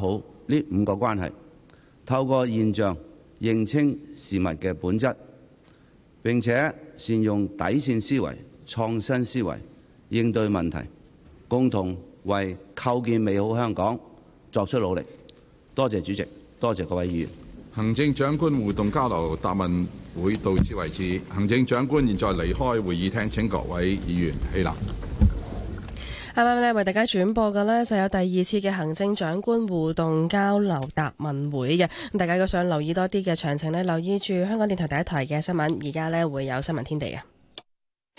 好，呢五個關係，透過現象認清事物嘅本質，並且善用底線思維、創新思維，應對問題，共同為構建美好香港作出努力。多謝主席，多謝各位議員。行政長官互動交流答問會到此為止，行政長官現在離開會議廳，請各位議員起立。今晚咧為大家轉播嘅咧就有第二次嘅行政長官互動交流答問會嘅，咁大家如想留意多啲嘅詳情咧，留意住香港電台第一台嘅新聞，而家咧會有新聞天地啊！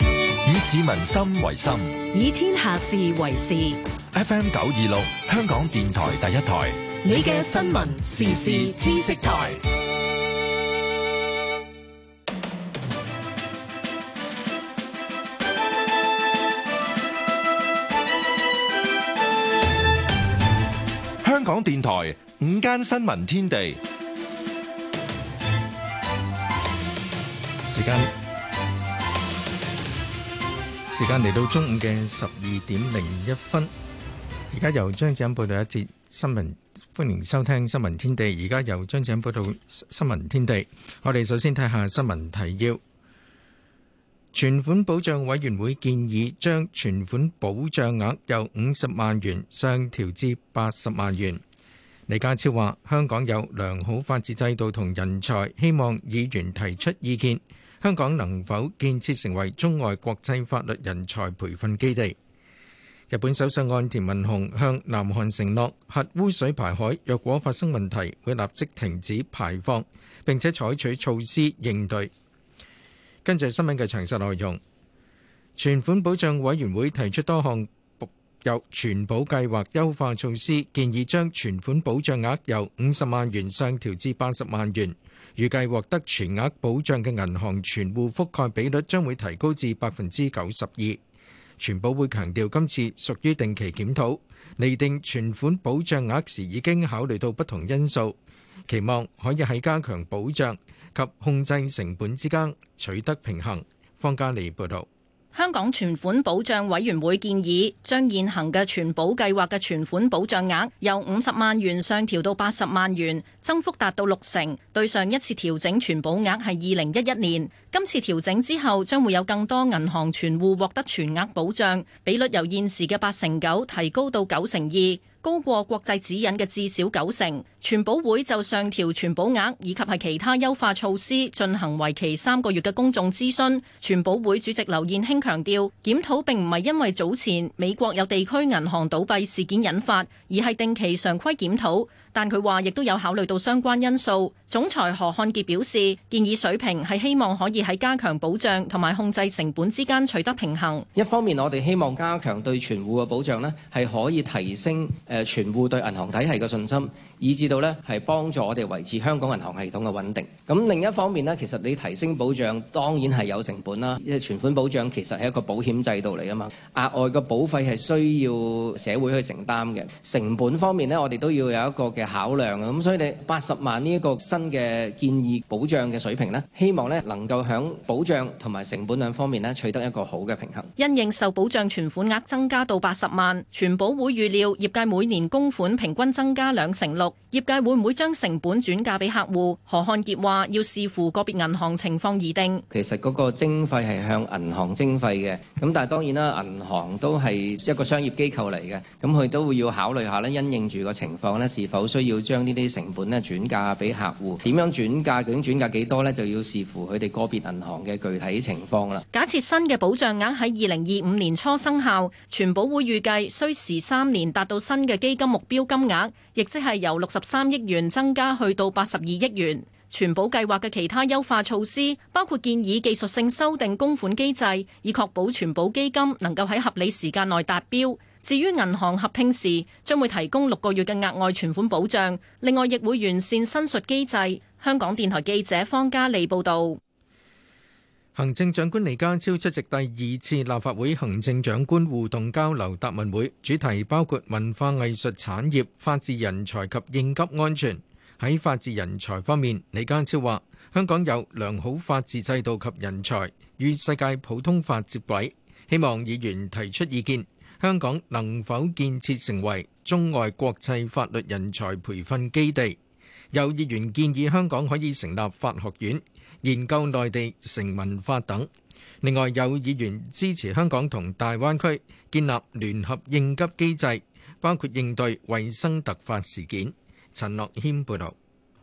以市民心為心，以天下事為事。FM 九二六，香港電台第一台，你嘅新聞時事知識台。香港電台午間新聞天地，時間時間嚟到中午嘅十二點零一分。而家由張子欣報道一節新聞，歡迎收聽新聞天地。而家由張子欣報道新聞天地。我哋首先睇下新聞提要。存款保障委員會建議將存款保障額由五十萬元上調至八十萬元。李家超話：香港有良好法治制度同人才，希望議員提出意見。香港能否建設成為中外國際法律人才培訓基地？日本首相岸田文雄向南韓承諾，核污水排海若果發生問題，會立即停止排放，並且採取措施應對。跟住新聞嘅詳細內容，存款保障委員會提出多項有存保計劃優化措施，建議將存款保障額由五十萬元上調至八十萬元。預計獲得全額保障嘅銀行存戶覆蓋比率將會提高至百分之九十二。存保會強調，今次屬於定期檢討，釐定存款保障額時已經考慮到不同因素，期望可以喺加強保障及控制成本之間取得平衡。方家利報道，香港存款保障委員會建議將現行嘅存保計劃嘅存款保障額由五十萬元上調到八十萬元。增幅達到六成，對上一次調整存保額係二零一一年。今次調整之後，將會有更多銀行存戶獲得全額保障，比率由現時嘅八成九提高到九成二，高過國際指引嘅至少九成。存保會就上調存保額以及係其他優化措施進行為期三個月嘅公眾諮詢。存保會主席劉燕卿強調，檢討並唔係因為早前美國有地區銀行倒閉事件引發，而係定期常規檢討。但佢話亦都有考慮到相關因素。總裁何漢傑表示，建議水平係希望可以喺加強保障同埋控制成本之間取得平衡。一方面，我哋希望加強對存戶嘅保障呢，係可以提升誒存戶對銀行體系嘅信心，以至到呢係幫助我哋維持香港銀行系統嘅穩定。咁另一方面呢，其實你提升保障當然係有成本啦，因為存款保障其實係一個保險制度嚟㗎嘛，額外嘅保費係需要社會去承擔嘅。成本方面呢，我哋都要有一個嘅。考量啊，咁所以你八十萬呢一個新嘅建議保障嘅水平咧，希望咧能夠響保障同埋成本兩方面咧取得一個好嘅平衡。因應受保障存款額增加到八十萬，全保會預料業界每年供款平均增加兩成六，業界會唔會將成本轉嫁俾客戶？何漢傑話：要視乎個別銀行情況而定。其實嗰個徵費係向銀行徵費嘅，咁但係當然啦，銀行都係一個商業機構嚟嘅，咁佢都會要考慮下咧，因應住個情況咧是否。需要將呢啲成本咧轉嫁俾客戶，點樣轉嫁，究竟轉嫁幾多呢？就要視乎佢哋個別銀行嘅具體情況啦。假設新嘅保障額喺二零二五年初生效，全保會預計需時三年達到新嘅基金目標金額，亦即係由六十三億元增加去到八十二億元。全保計劃嘅其他優化措施，包括建議技術性修訂供款機制，以確保全保基金能夠喺合理時間內達標。至於銀行合併時，將會提供六個月嘅額外存款保障。另外，亦會完善申述機制。香港電台記者方嘉利報道。行政長官李家超出席第二次立法會行政長官互動交流答問會，主題包括文化藝術產業、法治人才及應急安全。喺法治人才方面，李家超話：香港有良好法治制度及人才，與世界普通法接軌。希望議員提出意見。香港能否建設成為中外國際法律人才培訓基地？有議員建議香港可以成立法學院，研究內地成文法等。另外，有議員支持香港同大灣區建立聯合應急機制，包括應對衛生突發事件。陳樂軒報道。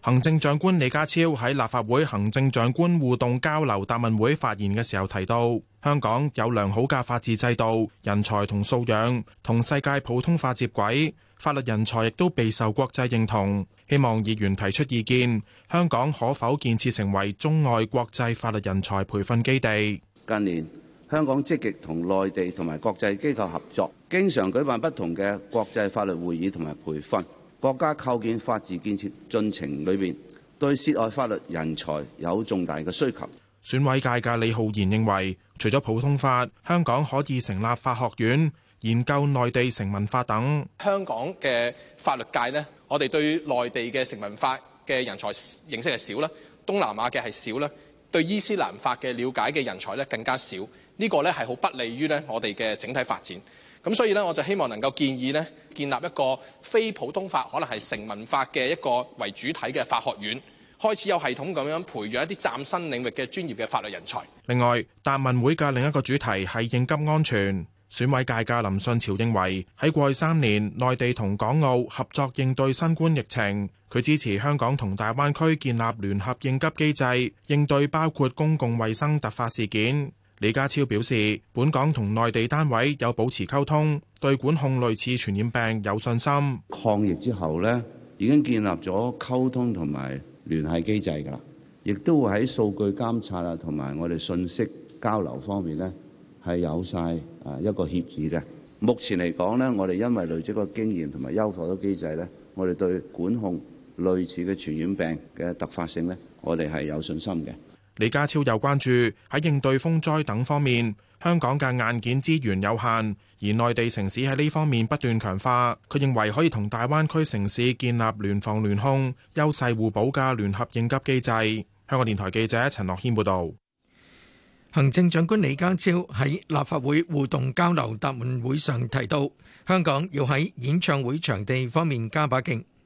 行政長官李家超喺立法會行政長官互動交流答問會發言嘅時候提到，香港有良好嘅法治制度、人才同素養，同世界普通化接軌，法律人才亦都備受國際認同。希望議員提出意見，香港可否建設成為中外國際法律人才培訓基地？近年香港積極同內地同埋國際機構合作，經常舉辦不同嘅國際法律會議同埋培訓。國家構建法治建設進程裏面，對涉外法律人才有重大嘅需求。選委界嘅李浩然認為，除咗普通法，香港可以成立法學院，研究內地成文法等。香港嘅法律界呢，我哋對內地嘅成文法嘅人才認識係少啦，東南亞嘅係少啦，對伊斯蘭法嘅了解嘅人才呢更加少，呢、呢個呢係好不利於呢我哋嘅整體發展。咁所以呢，我就希望能夠建議呢，建立一個非普通法，可能係成文法嘅一個為主體嘅法學院，開始有系統咁樣培養一啲嶄新領域嘅專業嘅法律人才。另外，答問會嘅另一個主題，係應急安全。選委界嘅林順潮認為，喺過去三年，內地同港澳合作應對新冠疫情，佢支持香港同大灣區建立聯合應急機制，應對包括公共衛生突發事件。李家超表示，本港同內地單位有保持溝通，對管控類似傳染病有信心。抗疫之後呢，已經建立咗溝通同埋聯繫機制噶喇，亦都會喺數據監察啊，同埋我哋信息交流方面呢，係有晒啊一個協議嘅。目前嚟講呢，我哋因為累積嘅經驗同埋優化嘅機制呢，我哋對管控類似嘅傳染病嘅突發性呢，我哋係有信心嘅。李家超又關注喺應對風災等方面，香港嘅硬件資源有限，而內地城市喺呢方面不斷強化。佢認為可以同大灣區城市建立聯防聯控、優勢互補嘅聯合應急機制。香港電台記者陳樂謙報道。行政長官李家超喺立法會互動交流答問會上提到，香港要喺演唱會場地方面加把勁。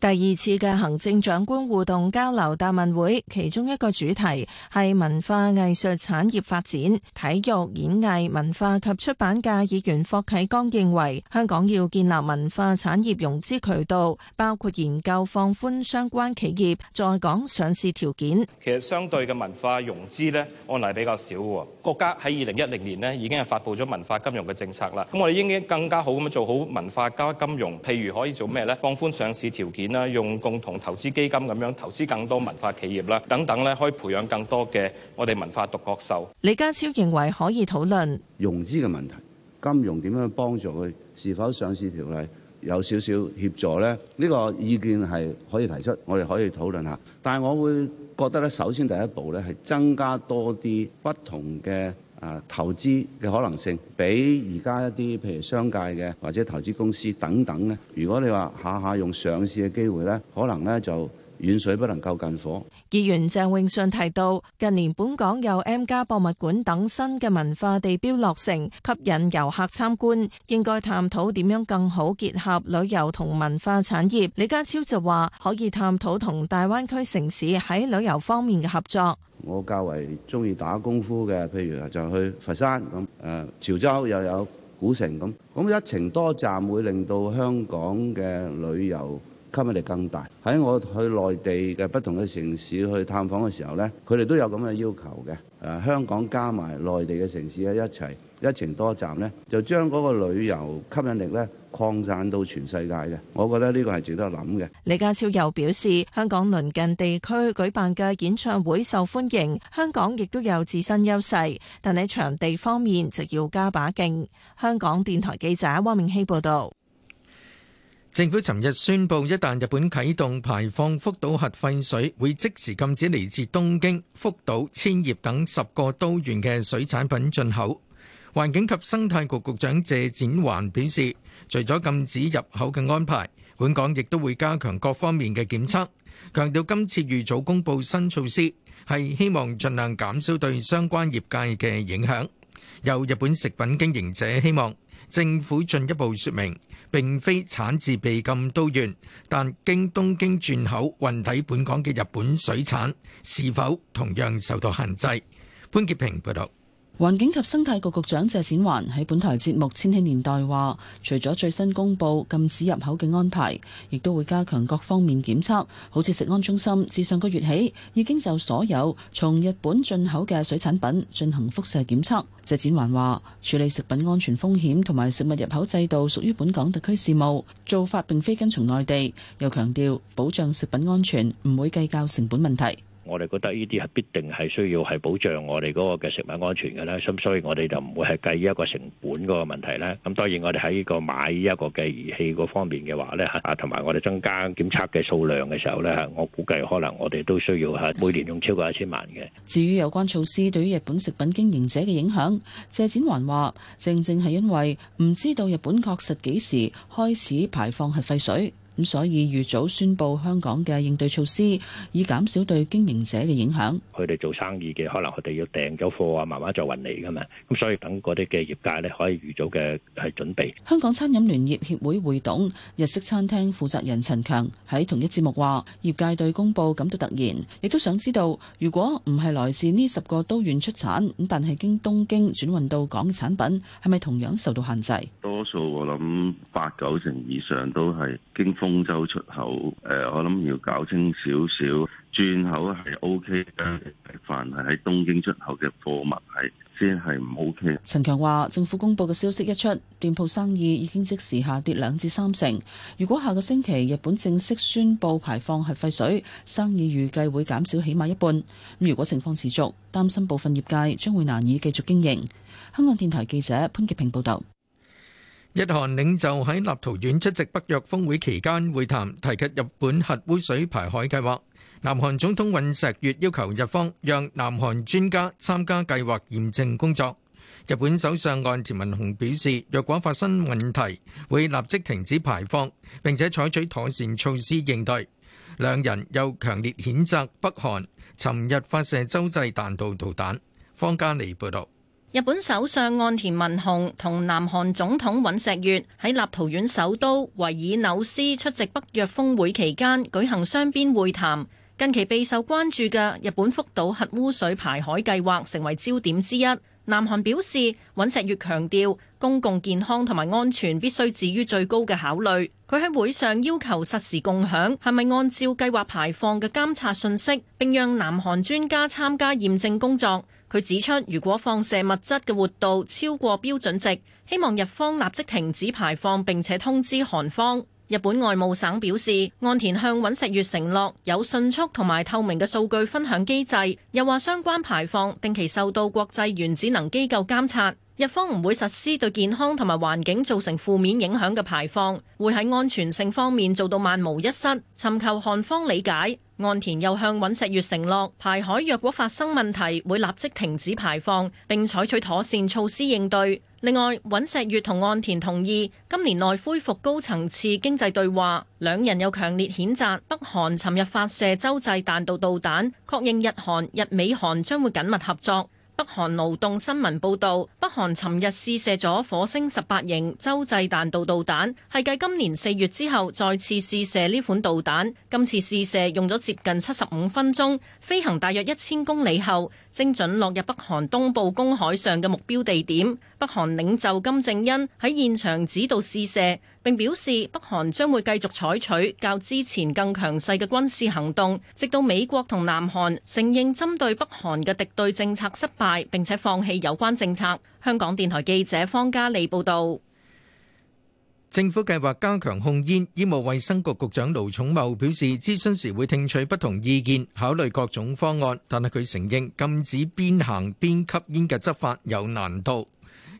第二次嘅行政長官互動交流答問會，其中一個主題係文化藝術產業發展、體育演藝文化及出版界。議員霍啟剛認為，香港要建立文化產業融資渠道，包括研究放寬相關企業在港上市條件。其實相對嘅文化融資咧，案例比較少啊。國家喺二零一零年咧，已經係發布咗文化金融嘅政策啦。咁我哋應該更加好咁樣做好文化加金融，譬如可以做咩咧？放寬上市條件。啦，用共同投資基金咁樣投資更多文化企業啦，等等咧，可以培養更多嘅我哋文化獨角獸。李家超認為可以討論融資嘅問題，金融點樣幫助佢？是否上市條例有少少協助咧？呢個意見係可以提出，我哋可以討論下。但係我會覺得咧，首先第一步咧，係增加多啲不同嘅。啊！投資嘅可能性比而家一啲譬如商界嘅或者投資公司等等咧，如果你話下下用上市嘅機會咧，可能咧就。遠水不能救近火。議員鄭永信提到，近年本港有 M+ 博物館等新嘅文化地標落成，吸引遊客參觀，應該探討點樣更好結合旅遊同文化產業。李家超就話，可以探討同大灣區城市喺旅遊方面嘅合作。我較為鍾意打功夫嘅，譬如就去佛山咁，誒潮州又有古城咁，咁一程多站會令到香港嘅旅遊。吸引力更大，喺我去內地嘅不同嘅城市去探訪嘅時候呢，佢哋都有咁嘅要求嘅，啊。香港加埋內地嘅城市一齊，一程多站呢，就將嗰個旅遊吸引力呢，擴散到全世界嘅。我覺得呢個係值得諗嘅。李家超又表示，香港鄰近地區舉辦嘅演唱會受歡迎，香港亦都有自身優勢，但喺場地方面就要加把勁。香港電台記者汪明希報道。政府尋日宣布，一旦日本啟動排放福島核廢水，會即時禁止嚟自東京、福島、千葉等十個都縣嘅水產品進口。環境及生態局局長謝展寰表示，除咗禁止入口嘅安排，本港亦都會加強各方面嘅檢測，強調今次預早公佈新措施係希望盡量減少對相關業界嘅影響。有日本食品經營者希望政府進一步說明。並非產自被禁都縣，但經東京轉口運抵本港嘅日本水產，是否同樣受到限制？潘潔平報導。環境及生態局局長謝展寰喺本台節目《千禧年代》話，除咗最新公布禁止入口嘅安排，亦都會加強各方面檢測，好似食安中心自上個月起已經就所有從日本進口嘅水產品進行輻射檢測。謝展寰話，處理食品安全風險同埋食物入口制度屬於本港特區事務，做法並非跟從內地，又強調保障食品安全唔會計較成本問題。我哋覺得呢啲係必定係需要係保障我哋嗰個嘅食品安全嘅啦。咁所以我哋就唔會係計呢一個成本嗰個問題啦。咁當然我哋喺呢個買一個嘅儀器嗰方面嘅話呢，啊同埋我哋增加檢測嘅數量嘅時候呢，我估計可能我哋都需要係每年用超過一千萬嘅。至於有關措施對於日本食品經營者嘅影響，謝展環話正正係因為唔知道日本確實幾時開始排放核廢水。咁所以預早宣布香港嘅應對措施，以減少對經營者嘅影響。佢哋做生意嘅，可能佢哋要訂咗貨啊，慢慢再運嚟噶嘛。咁所以等嗰啲嘅業界咧，可以預早嘅係準備。香港餐飲聯業協會會董、日式餐廳負責人陳強喺同一節目話：業界對公佈感到突然，亦都想知道，如果唔係來自呢十個都縣出產咁，但係經東京轉運到港嘅產品，係咪同樣受到限制？多數我諗八九成以上都係經風。東洲出口，誒，我諗要搞清少少，轉口係 OK 嘅，但係凡係喺東京出口嘅貨物係，先係唔 OK。陳強話：政府公佈嘅消息一出，店鋪生意已經即時下跌兩至三成。如果下個星期日本正式宣布排放核廢水，生意預計會減少起碼一半。咁如果情況持續，擔心部分業界將會難以繼續經營。香港電台記者潘潔平報道。日韓領袖喺立陶宛出席北約峰會期間會談，提及日本核污水排海計劃。南韓總統尹錫悅要求日方讓南韓專家參加計劃驗證工作。日本首相岸田文雄表示，若果發生問題，會立即停止排放，並且採取妥善措施應對。兩人又強烈譴責北韓尋日發射洲際彈道導彈。方家莉報導。日本首相岸田文雄同南韓總統尹錫悅喺立陶宛首都維爾紐斯出席北約峰會期間舉行雙邊會談。近期備受關注嘅日本福島核污水排海計劃成為焦點之一。南韓表示，尹錫悅強調公共健康同埋安全必須置於最高嘅考慮。佢喺會上要求實時共享係咪按照計劃排放嘅監察信息，並讓南韓專家參加驗證工作。佢指出，如果放射物質嘅活度超過標準值，希望日方立即停止排放並且通知韓方。日本外務省表示，岸田向尹錫悅承諾有迅速同埋透明嘅數據分享機制，又話相關排放定期受到國際原子能機構監察。日方唔會實施對健康同埋環境造成負面影響嘅排放，會喺安全性方面做到萬無一失，尋求韓方理解。岸田又向尹錫悅承諾，排海若果發生問題，會立即停止排放並採取妥善措施應對。另外，尹錫悅同岸田同意今年內恢復高層次經濟對話。兩人又強烈譴責北韓尋日發射洲際彈道導彈，確認日韓、日美韓將會緊密合作。北韓勞動新聞報道，北韓尋日試射咗火星十八型洲際彈道導彈，係繼今年四月之後再次試射呢款導彈。今次試射用咗接近七十五分鐘，飛行大約一千公里後。精準落入北韓東部公海上嘅目標地點，北韓領袖金正恩喺現場指導試射，並表示北韓將會繼續採取較之前更強勢嘅軍事行動，直到美國同南韓承認針對北韓嘅敵對政策失敗，並且放棄有關政策。香港電台記者方嘉莉報道。政府計劃加強控煙，醫務衛生局局長盧寵茂表示，諮詢時會聽取不同意見，考慮各種方案。但係佢承認禁止邊行邊吸煙嘅執法有難度。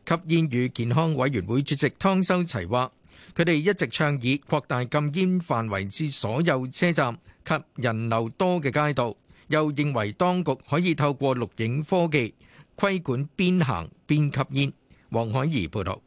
吸煙與健康委員會主席湯修齊話，佢哋一直倡議擴大禁煙範圍至所有車站及人流多嘅街道，又認為當局可以透過錄影科技規管邊行邊吸煙。黃海怡報導。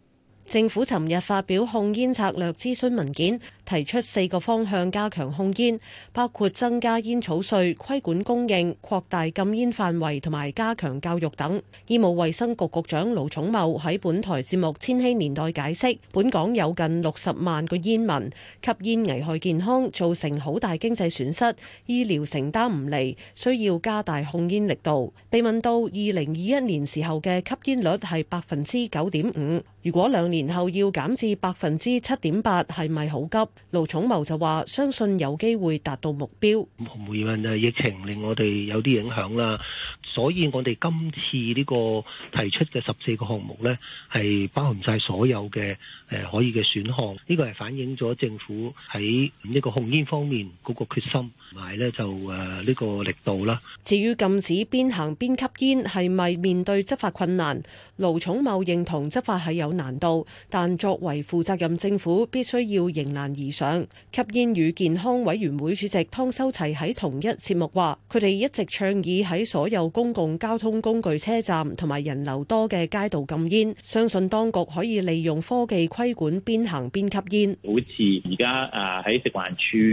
政府尋日發表控煙策略諮詢文件，提出四個方向加強控煙，包括增加煙草稅、規管供應、擴大禁煙範圍同埋加強教育等。醫務衛生局局長盧寵茂喺本台節目《千禧年代》解釋，本港有近六十萬個煙民，吸煙危害健康，造成好大經濟損失，醫療承擔唔嚟，需要加大控煙力度。被問到二零二一年時候嘅吸煙率係百分之九點五。如果兩年後要減至百分之七點八，係咪好急？盧寵茂就話相信有機會達到目標，冇疑問就係疫情令我哋有啲影響啦，所以我哋今次呢個提出嘅十四個項目咧，係包含晒所有嘅誒可以嘅選項，呢個係反映咗政府喺一個控煙方面嗰個決心，同埋咧就誒呢個力度啦。至於禁止邊行邊吸煙，係咪面對執法困難？盧寵茂認同執法係有難度，但作為負責任政府，必須要迎難而上。吸煙與健康委員會主席湯修齊喺同一節目話，佢哋一直倡議喺所有公共交通工具、車站同埋人流多嘅街道禁煙，相信當局可以利用科技規管邊行邊吸煙。好似而家啊喺食環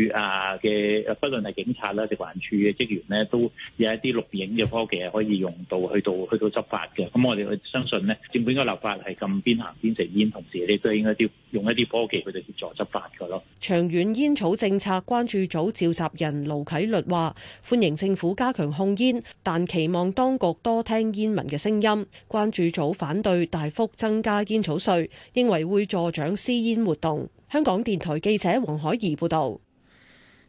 處啊嘅，不論係警察啦、食環處嘅職員呢，都有一啲錄影嘅科技係可以用到去到去到執法嘅。咁我哋去相信呢，政府應該立法係禁邊行邊食煙，同時你都應該啲用一啲科技去嚟協助執法嘅咯。長遠煙草政策關注組召集人盧啟律話：歡迎政府加強控煙，但期望當局多聽煙民嘅聲音。關注組反對大幅增加煙草稅，認為會助長私煙活動。香港電台記者黃海怡報導。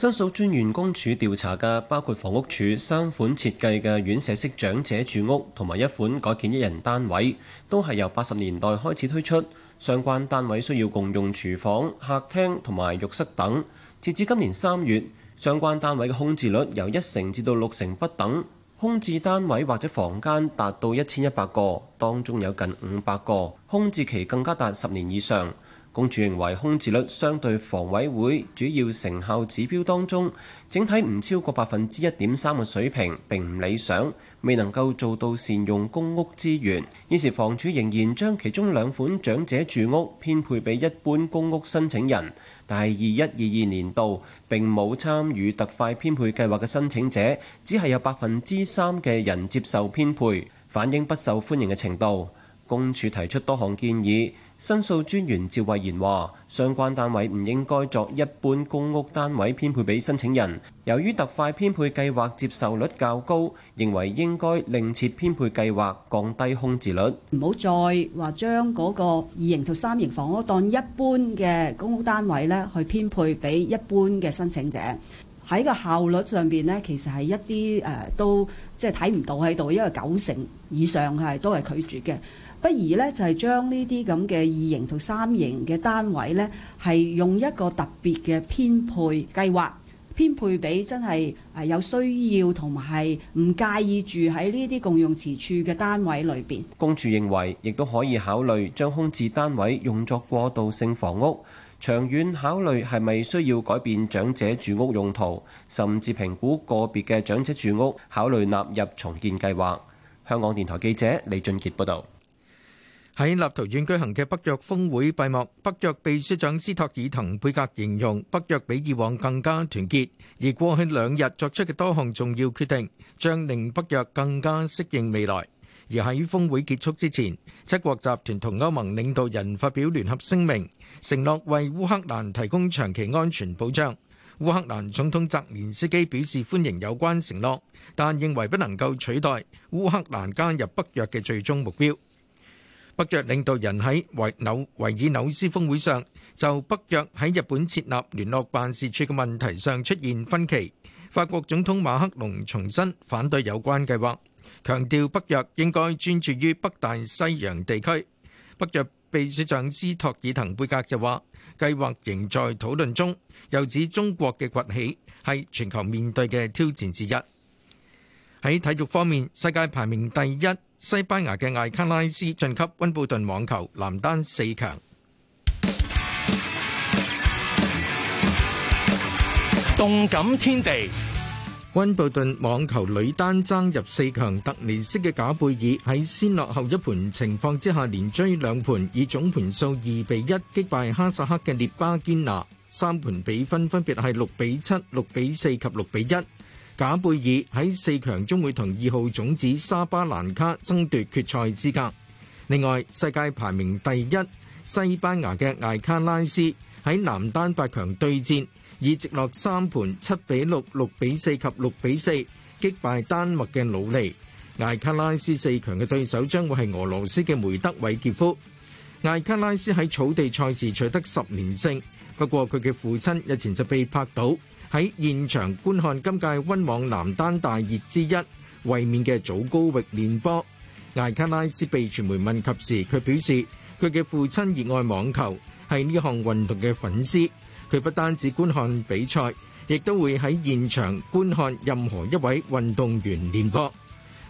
申訴專員公署調查嘅包括房屋署三款設計嘅院舍式長者住屋同埋一款改建一人單位，都係由八十年代開始推出。相關單位需要共用廚房、客廳同埋浴室等。截至今年三月，相關單位嘅空置率由一成至到六成不等，空置單位或者房間達到一千一百個，當中有近五百個，空置期更加達十年以上。公署認為空置率相對房委會主要成效指標當中，整體唔超過百分之一點三嘅水平並唔理想，未能夠做到善用公屋資源。現時房署仍然將其中兩款長者住屋編配俾一般公屋申請人，但係二一二二年度並冇參與特快編配計劃嘅申請者，只係有百分之三嘅人接受編配，反映不受歡迎嘅程度。公署提出多項建議。申訴專員趙慧賢話，相關單位唔應該作一般公屋單位編配俾申請人，由於特快編配計劃接受率較高，認為應該另設編配計劃，降低空置率。唔好再話將嗰個二型同三型房屋當一般嘅公屋單位咧去編配俾一般嘅申請者。喺個效率上邊呢，其實係一啲誒都即係睇唔到喺度，因為九成以上係都係拒絕嘅。不如呢，就係將呢啲咁嘅二型同三型嘅單位呢，係用一個特別嘅編配計劃，編配俾真係誒有需要同埋唔介意住喺呢啲共用廚廁嘅單位裏邊。公署認為，亦都可以考慮將空置單位用作過渡性房屋。長遠考慮係咪需要改變長者住屋用途，甚至評估個別嘅長者住屋，考慮納入重建計劃。香港電台記者李俊傑報道。喺立陶宛舉行嘅北約峯會閉幕，北約秘書長斯托爾滕貝格形容北約比以往更加團結，而過去兩日作出嘅多項重要決定，將令北約更加適應未來。而喺峰會結束之前，七國集團同歐盟領導人發表聯合聲明，承諾為烏克蘭提供長期安全保障。烏克蘭總統澤連斯基表示歡迎有關承諾，但認為不能夠取代烏克蘭加入北約嘅最終目標。北約領導人喺維紐維爾紐斯峰會上就北約喺日本設立聯絡辦事處嘅問題上出現分歧。法國總統馬克龍重申反對有關計劃。強調北約應該專注於北大西洋地區。北約秘書長斯托爾滕貝格就話，計劃仍在討論中。又指中國嘅崛起係全球面對嘅挑戰之一。喺體育方面，世界排名第一西班牙嘅艾卡拉斯晉級溫布頓網球男單四強。動感天地。温布頓網球女單爭入四強，特尼斯嘅賈貝爾喺先落後一盤情況之下，連追兩盤，以總盤數二比一擊敗哈薩克嘅列巴堅拿，三盤比分分別係六比七、六比四及六比一。賈貝爾喺四強中會同二號種子沙巴蘭卡爭奪決賽資格。另外，世界排名第一西班牙嘅艾卡拉斯喺男單八強對戰。以直落三盤七比六、六比四及六比四擊敗丹麥嘅努力，艾卡拉斯四強嘅對手將會係俄羅斯嘅梅德維傑夫。艾卡拉斯喺草地賽事取得十連勝，不過佢嘅父親日前就被拍到喺現場觀看今屆温網男單大熱之一、衛冕嘅早高域練波。艾卡拉斯被傳媒問及時，佢表示佢嘅父親熱愛網球，係呢項運動嘅粉絲。佢不單止觀看比賽，亦都會喺現場觀看任何一位運動員連播。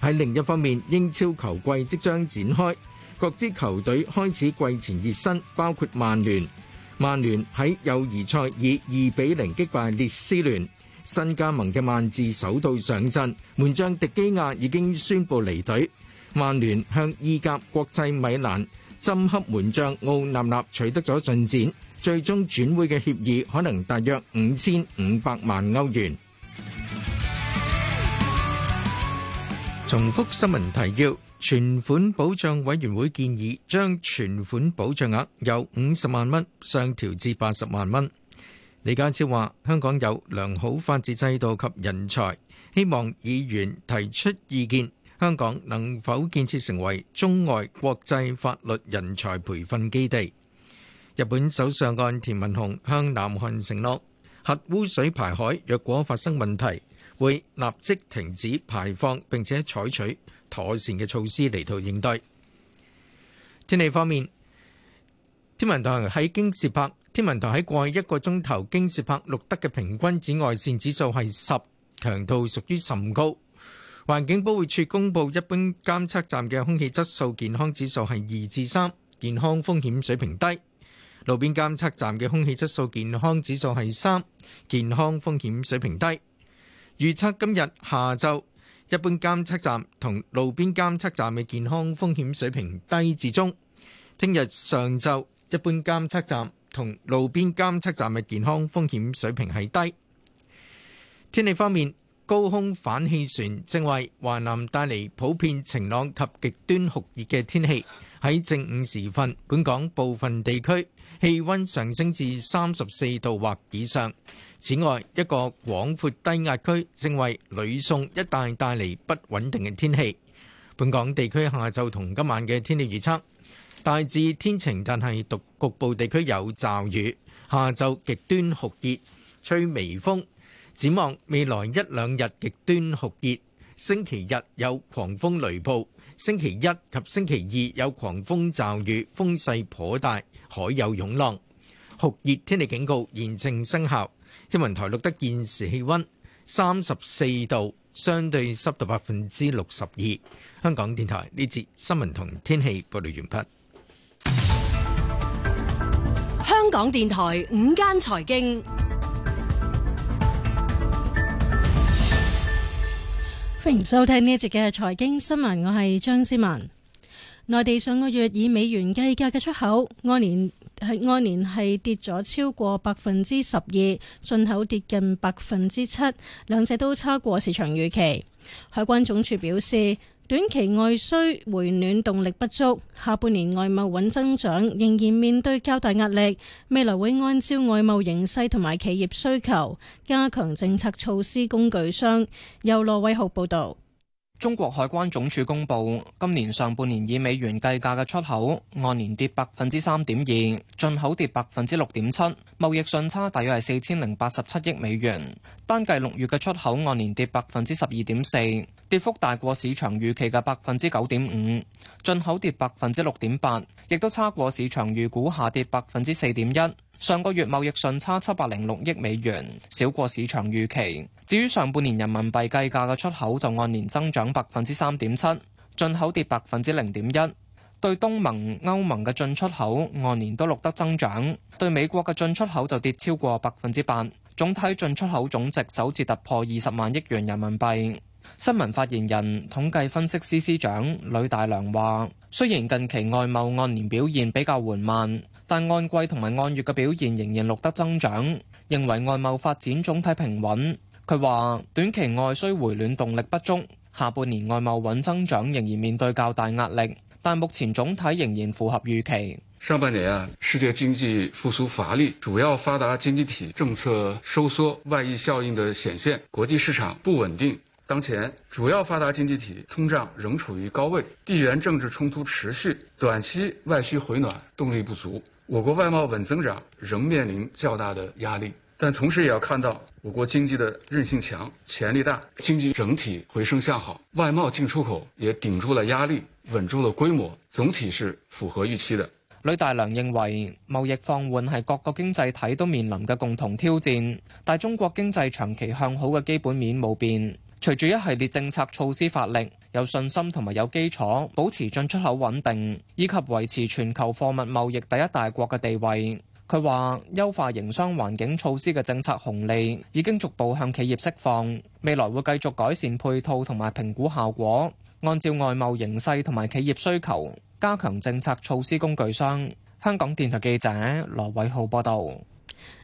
喺另一方面，英超球季即將展開，各支球隊開始季前熱身，包括曼聯。曼聯喺友誼賽以二比零擊敗列斯聯。新加盟嘅曼治首度上陣，門將迪基亞已經宣布離隊。曼聯向意甲國際米蘭針乞門將奧納納取得咗進展。最終轉會嘅協議可能大約五千五百萬歐元。重複新聞提要：存款保障委員會建議將存款保障額由五十萬蚊上調至八十萬蚊。李家超話：香港有良好法治制度及人才，希望議員提出意見，香港能否建設成為中外國際法律人才培訓基地？日本首相岸田文雄向南韓承諾，核污水排海若果發生問題，會立即停止排放，並且採取妥善嘅措施嚟到應對。天氣方面，天文台喺京士柏，天文台喺過去一個鐘頭京士柏錄得嘅平均紫外綫指數係十，強度屬於甚高。環境保護署公布一般監測站嘅空氣質素健康指數係二至三，健康風險水平低。路邊監測站嘅空氣質素健康指數係三，健康風險水平低。預測今日下晝一般監測站同路邊監測站嘅健康風險水平低至中。聽日上晝一般監測站同路邊監測站嘅健康風險水平係低。天氣方面，高空反氣旋正為華南帶嚟普遍晴朗及極端酷熱嘅天氣。喺正午時分，本港部分地區氣温上升至三十四度或以上。此外，一個廣闊低壓區正為呂宋一帶帶嚟不穩定嘅天氣。本港地區下晝同今晚嘅天氣預測：大致天晴，但係局部地區有驟雨。下晝極端酷熱，吹微風。展望未來一兩日極端酷熱，星期日有狂風雷暴。星期一及星期二有狂風驟雨，風勢頗大，海有湧浪，酷熱天氣警告現正生效。天文台錄得現時氣温三十四度，相對濕度百分之六十二。香港電台呢節新聞同天氣報道完畢。香港電台午間財經。歡迎收聽呢一節嘅財經新聞，我係張思文。內地上個月以美元計價嘅出口按年係按年係跌咗超過百分之十二，進口跌近百分之七，兩者都差過市場預期。海關總署表示。短期外需回暖動力不足，下半年外貿穩增長仍然面對較大壓力。未來會按照外貿形勢同埋企業需求加強政策措施工具箱。由羅偉豪報道，中國海關總署公布今年上半年以美元計價嘅出，出口按年跌百分之三點二，進口跌百分之六點七，貿易順差大約係四千零八十七億美元。單計六月嘅出口按年跌百分之十二點四。跌幅大過市場預期嘅百分之九點五，進口跌百分之六點八，亦都差過市場預估下跌百分之四點一。上個月貿易順差七百零六億美元，少過市場預期。至於上半年人民幣計價嘅出口就按年增長百分之三點七，進口跌百分之零點一。對東盟、歐盟嘅進出口按年都錄得增長，對美國嘅進出口就跌超過百分之八。總體進出口總值首次突破二十萬億元人民幣。新聞發言人、統計分析司司長呂大良話，雖然近期外貿按年表現比較緩慢，但按季同埋按月嘅表現仍然錄得增長，認為外貿發展總體平穩。佢話：短期外需回暖動力不足，下半年外貿穩增長仍然面對較大壓力，但目前總體仍然符合預期。上半年啊，世界經濟復甦乏力，主要發達經濟體政策收縮外溢效應的顯現，國際市場不穩定。當前主要發達經濟體通脹仍處於高位，地緣政治衝突持續，短期外需回暖動力不足。我國外貿穩增長仍面臨較大的壓力，但同時也要看到我國經濟的韌性強、潛力大，經濟整體回升向好，外貿進出口也頂住了壓力，穩住了規模，總體是符合預期的。呂大良認為，貿易放緩係各個經濟體都面臨嘅共同挑戰，但中國經濟長期向好嘅基本面冇變。隨住一系列政策措施發力，有信心同埋有基礎保持進出口穩定，以及維持全球貨物貿易第一大國嘅地位。佢話：優化營商環境措施嘅政策紅利已經逐步向企業釋放，未來會繼續改善配套同埋評估效果，按照外貿形勢同埋企業需求，加強政策措施工具箱。香港電台記者羅偉浩報道。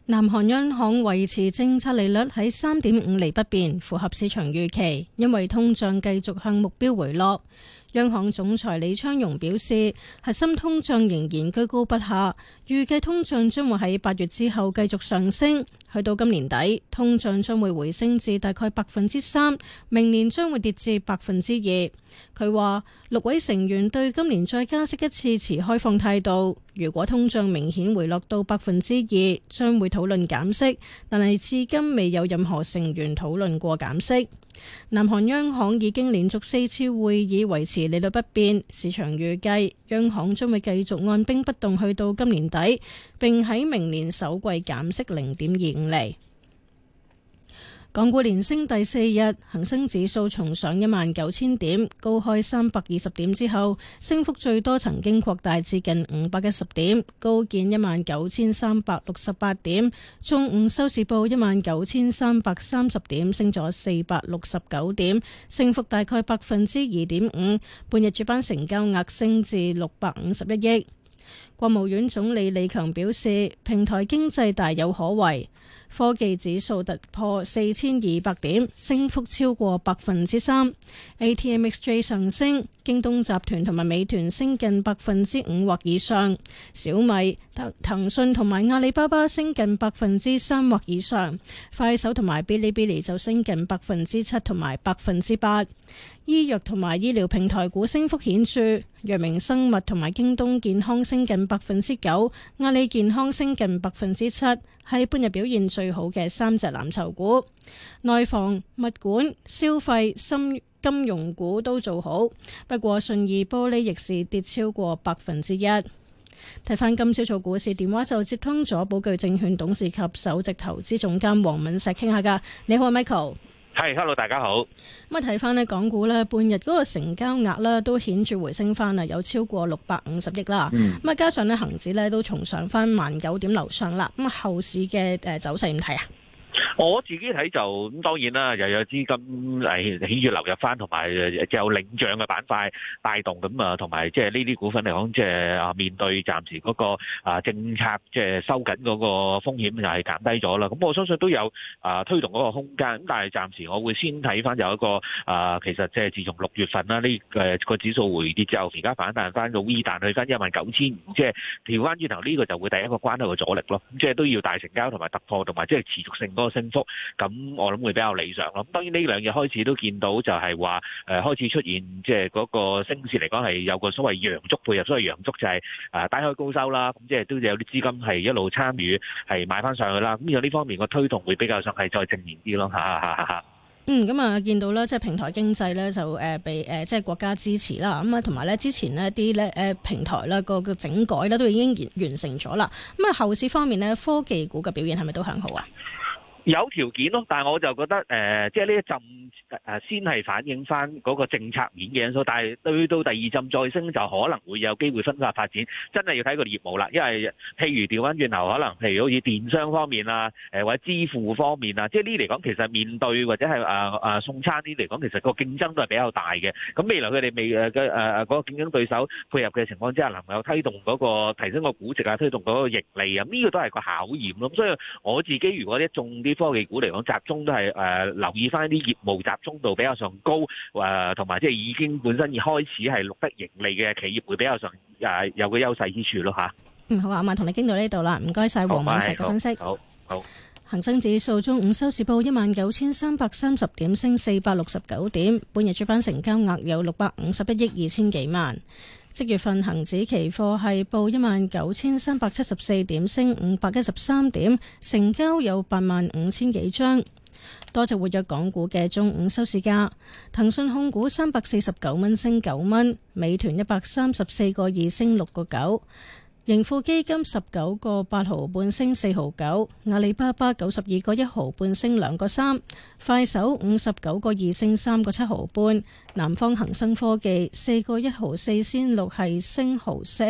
南韓央行維持政策利率喺三點五厘不變，符合市場預期，因為通脹繼續向目標回落。央行總裁李昌鏞表示，核心通脹仍然居高不下，預計通脹將會喺八月之後繼續上升，去到今年底，通脹將會回升至大概百分之三，明年將會跌至百分之二。佢話六位成員對今年再加息一次持開放態度，如果通脹明顯回落到百分之二，將會討論減息，但係至今未有任何成員討論過減息。南韓央行已經連續四次會議維持利率不變，市場預計央行將會繼續按兵不動去到今年底，並喺明年首季減息零點二五厘。港股連升第四日，恒生指數重上一萬九千點，高開三百二十點之後，升幅最多曾經擴大至近五百一十點，高見一萬九千三百六十八點。中午收市報一萬九千三百三十點，升咗四百六十九點，升幅大概百分之二點五。半日主板成交額升至六百五十一億。國務院總理李強表示，平台經濟大有可為。科技指數突破四千二百點，升幅超過百分之三。A T M X J 上升，京東集團同埋美團升近百分之五或以上，小米、騰訊同埋阿里巴巴升近百分之三或以上，快手同埋 Bilibili 就升近百分之七同埋百分之八。醫藥同埋醫療平台股升幅顯著，藥明生物同埋京東健康升近百分之九，阿里健康升近百分之七。係半日表現最好嘅三隻藍籌股，內房、物管、消費、深金融股都做好。不過信義玻璃逆市跌超過百分之一。睇返今朝早股市電話就接通咗，寶鉅證券董事及首席投資總監黃敏石傾下㗎。你好，Michael。係，hello，大家好。咁啊，睇翻呢港股咧，半日嗰個成交額咧都顯著回升翻，有超過六百五十億啦。咁啊、嗯，加上咧，恒指咧都重上翻萬九點樓上啦。咁啊，後市嘅誒走勢點睇啊？我自己睇就咁當然啦，又有資金誒起熱流入翻，同埋有領漲嘅板塊帶動咁啊，同埋即係呢啲股份嚟講，即係啊面對暫時嗰個啊政策即係收緊嗰個風險就係減低咗啦。咁我相信都有啊推動嗰個空間。咁但係暫時我會先睇翻有一個啊，其實即係自從六月份啦，呢誒個指數回跌之後，而家反彈翻，終於彈去翻一萬九千五，即係調翻轉頭呢個就會第一個關口嘅阻力咯。咁即係都要大成交同埋突破，同埋即係持續性嗰個升幅咁，嗯、我諗會比較理想咯。當然呢兩日開始都見到，就係話誒開始出現，即係嗰個升市嚟講係有個所謂陽燭配合。所謂陽燭就係誒低開高收啦，咁即係都有啲資金係一路參與，係買翻上去啦。咁有呢方面個推動會比較上係再正面啲咯。吓，嗯，咁啊，見到咧，即係平台經濟咧就誒被誒即係國家支持啦。咁啊，同埋咧之前呢啲咧誒平台咧個個整改咧都已經完完成咗啦。咁啊，後市方面咧科技股嘅表現係咪都向好啊？有條件咯，但我就覺得誒、呃，即係呢一陣，誒先係反映翻嗰個政策面嘅因素，但係到第二陣再升就可能會有機會分化發，發展。真係要睇個業務啦，因為譬如調翻轉頭，可能譬如好似電商方面啊，或者支付方面啊，即係呢嚟講其實面對或者係誒送餐呢啲嚟講，其實個競爭都係比較大嘅。咁未來佢哋未誒嗰、啊啊嗰個競爭對手配合嘅情況之下，能夠推動嗰、嗰個提升個估值啊，推動嗰個盈利啊，呢個都係個考驗咯。咁所以我自己如果一重啲。科技股嚟講，集中都係誒、呃、留意翻啲業務集中度比較上高誒，同埋即係已經本身已開始係錄得盈利嘅企業會比較上誒、啊、有個優勢之處咯吓。嗯，好啊，阿麥同你傾到呢度啦，唔該晒黃敏石嘅分析。好好。恒生指數中午收市報一萬九千三百三十點，升四百六十九點。半日主板成交額有六百五十一億二千幾萬。即月份恒指期貨係報一萬九千三百七十四點，升五百一十三點，成交有八萬五千幾張。多隻活躍港股嘅中午收市價，騰訊控股三百四十九蚊升九蚊，美團一百三十四個二升六個九。盈富基金十九個八毫半升四毫九，阿里巴巴九十二個一毫半升兩個三，快手五十九個二升三個七毫半，南方恒生科技四個一毫四先六係升毫四，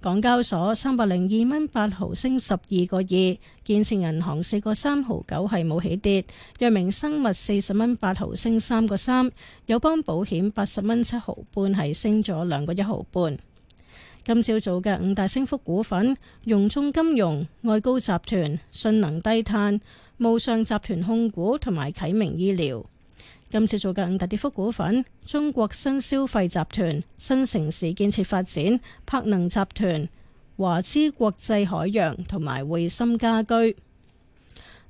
港交所三百零二蚊八毫升十二個二，建設銀行四個三毫九係冇起跌，藥明生物四十蚊八毫升三個三，友邦保險八十蚊七毫半係升咗兩個一毫半。今朝做嘅五大升幅股份：融眾金融、外高集團、信能低碳、慕尚集團控股同埋啟明醫療。今朝做嘅五大跌幅股份：中國新消費集團、新城市建設發展、柏能集團、華資國際海洋同埋匯森家居。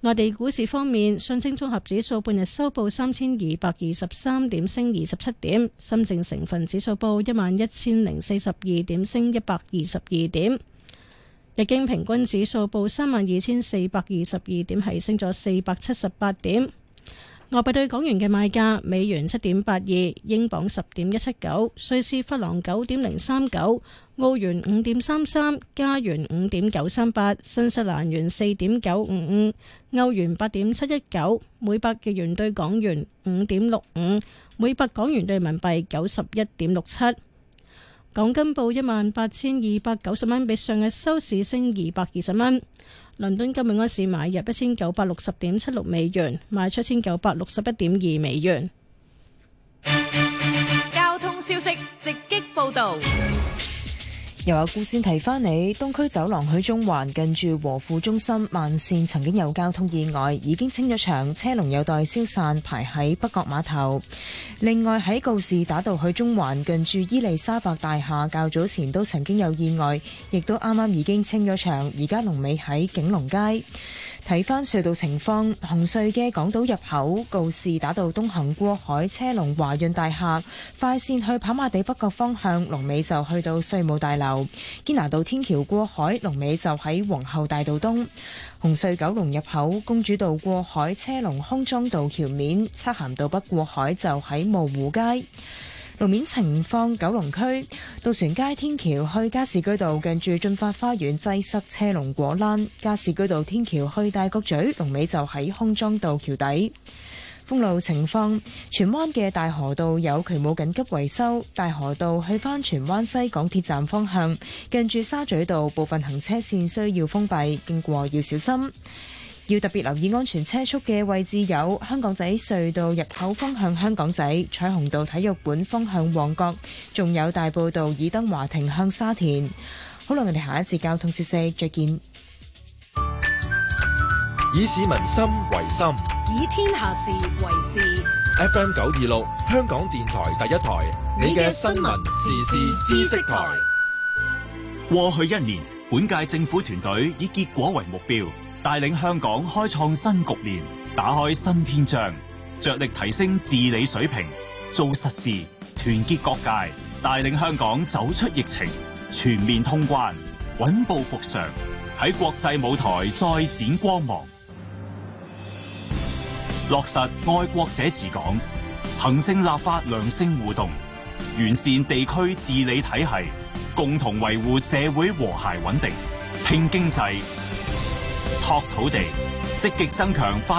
內地股市方面，上證綜合指數半日收報三千二百二十三點，升二十七點；深證成分指數報一萬一千零四十二點，升一百二十二點；日經平均指數報三萬二千四百二十二點，係升咗四百七十八點。外幣對港元嘅賣價：美元七點八二，英鎊十點一七九，瑞士法郎九點零三九。澳元五點三三，加元五點九三八，新西蘭元四點九五五，歐元八點七一九，每百嘅元兌港元五點六五，每百港元兌人民幣九十一點六七。港金報一萬八千二百九十蚊，比上日收市升二百二十蚊。倫敦金每盎司買入一千九百六十點七六美元，賣出一千九百六十一點二美元。交通消息直擊報道。又有故事提翻你，東區走廊去中環近住和富中心慢線曾經有交通意外，已經清咗場，車龍有待消散，排喺北角碼頭。另外喺告士打道去中環近住伊利沙伯大廈，較早前都曾經有意外，亦都啱啱已經清咗場，而家龍尾喺景隆街。睇翻隧道情況，紅隧嘅港島入口告士打道東行過海，車龍華潤大廈；快線去跑馬地北角方向，龍尾就去到稅務大樓；堅拿道天橋過海，龍尾就喺皇后大道東；紅隧九龍入口公主道過海，車龍康莊道橋面，漆咸道北過海就喺蕪湖街。路面情況：九龍區渡船街天橋去加士居道，近住駿發花園擠塞，車龍果欄；加士居道天橋去大角咀龍尾就喺康莊道橋底。封路情況：荃灣嘅大河道有渠務緊急維修，大河道去返荃灣西港鐵站方向，近住沙咀道部分行車綫需要封閉，經過要小心。要特別留意安全車速嘅位置有香港仔隧道入口方向、香港仔彩虹道體育館方，方向旺角，仲有大埔道爾登華庭向沙田。好啦，我哋下一節交通設施再見。以市民心為心，以天下事為事。F M 九二六，香港電台第一台，你嘅新聞時事知識台。過去一年，本屆政府團隊以結果為目標。帶領香港開創新局面，打開新篇章，着力提升治理水平，做實事，團結各界，帶領香港走出疫情，全面通關，穩步復常，喺國際舞台再展光芒。落實愛國者治港，行政立法良性互動，完善地區治理體系，共同維護社會和諧穩定，拼經濟。拓土地積極增強發